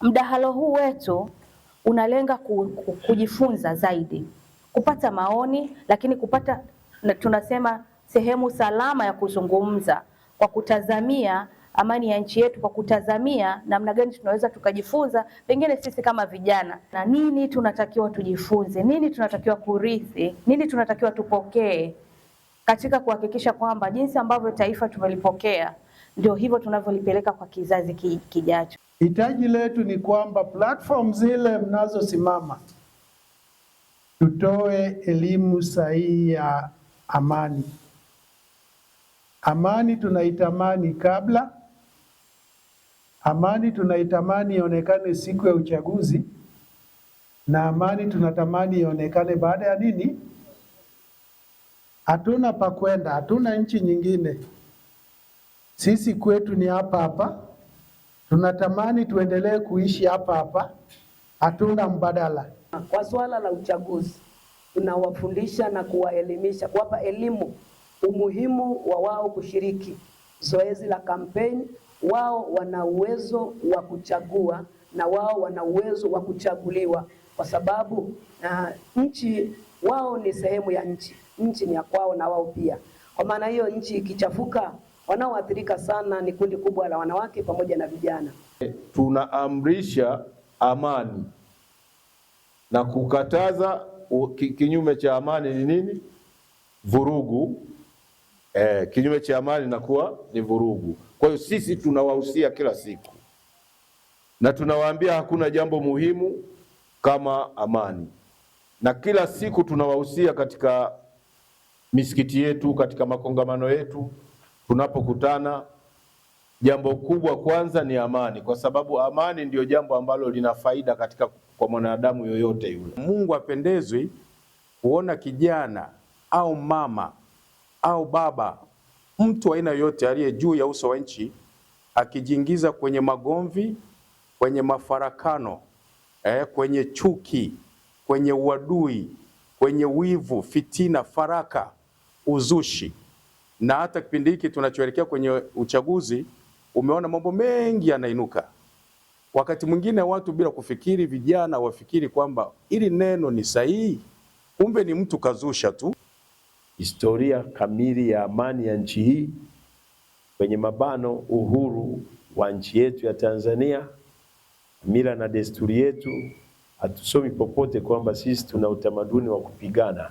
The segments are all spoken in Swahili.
Mdahalo huu wetu unalenga ku, ku, kujifunza zaidi, kupata maoni, lakini kupata tunasema sehemu salama ya kuzungumza kwa kutazamia amani ya nchi yetu, kwa kutazamia namna gani tunaweza tukajifunza, pengine sisi kama vijana, na nini tunatakiwa tujifunze, nini tunatakiwa kurithi, nini tunatakiwa tupokee katika kuhakikisha kwamba jinsi ambavyo taifa tumelipokea ndio hivyo tunavyolipeleka kwa kizazi kijacho. Hitaji letu ni kwamba platform zile mnazosimama, tutoe elimu sahihi ya amani. Amani tunaitamani kabla, amani tunaitamani ionekane siku ya uchaguzi, na amani tunatamani ionekane baada ya nini? Hatuna pa kwenda, hatuna nchi nyingine. Sisi kwetu ni hapa hapa, tunatamani tuendelee kuishi hapa hapa, hatuna mbadala. Kwa suala la uchaguzi, tunawafundisha na kuwaelimisha, kuwapa elimu umuhimu wa wao kushiriki zoezi la kampeni. Wao wana uwezo wa kuchagua na wao wana uwezo wa kuchaguliwa, kwa sababu na nchi wao ni sehemu ya nchi, nchi ni ya kwao na wao pia. Kwa maana hiyo, nchi ikichafuka Wanaoathirika sana ni kundi kubwa la wanawake pamoja na vijana. Tunaamrisha amani na kukataza kinyume cha amani ni nini? Vurugu. Eh, kinyume cha amani nakuwa ni vurugu. Kwa hiyo sisi tunawahusia kila siku na tunawaambia hakuna jambo muhimu kama amani, na kila siku tunawahusia katika misikiti yetu, katika makongamano yetu tunapokutana, jambo kubwa kwanza ni amani, kwa sababu amani ndiyo jambo ambalo lina faida katika kwa mwanadamu yoyote yule. Mungu apendezwi kuona kijana au mama au baba, mtu aina yoyote aliye juu ya uso wa nchi akijiingiza kwenye magomvi, kwenye mafarakano eh, kwenye chuki, kwenye uadui, kwenye wivu, fitina, faraka, uzushi na hata kipindi hiki tunachoelekea kwenye uchaguzi, umeona mambo mengi yanainuka. Wakati mwingine watu bila kufikiri, vijana wafikiri kwamba ili neno ni sahihi, kumbe ni mtu kazusha tu. Historia kamili ya amani ya nchi hii kwenye mabano uhuru wa nchi yetu ya Tanzania, mila na desturi yetu, hatusomi popote kwamba sisi tuna utamaduni wa kupigana.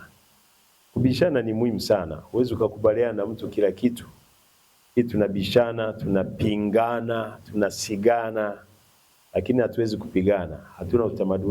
Kubishana ni muhimu sana. Huwezi ukakubaliana na mtu kila kitu, hii tunabishana, tunapingana, tunasigana, lakini hatuwezi kupigana. Hatuna utamaduni.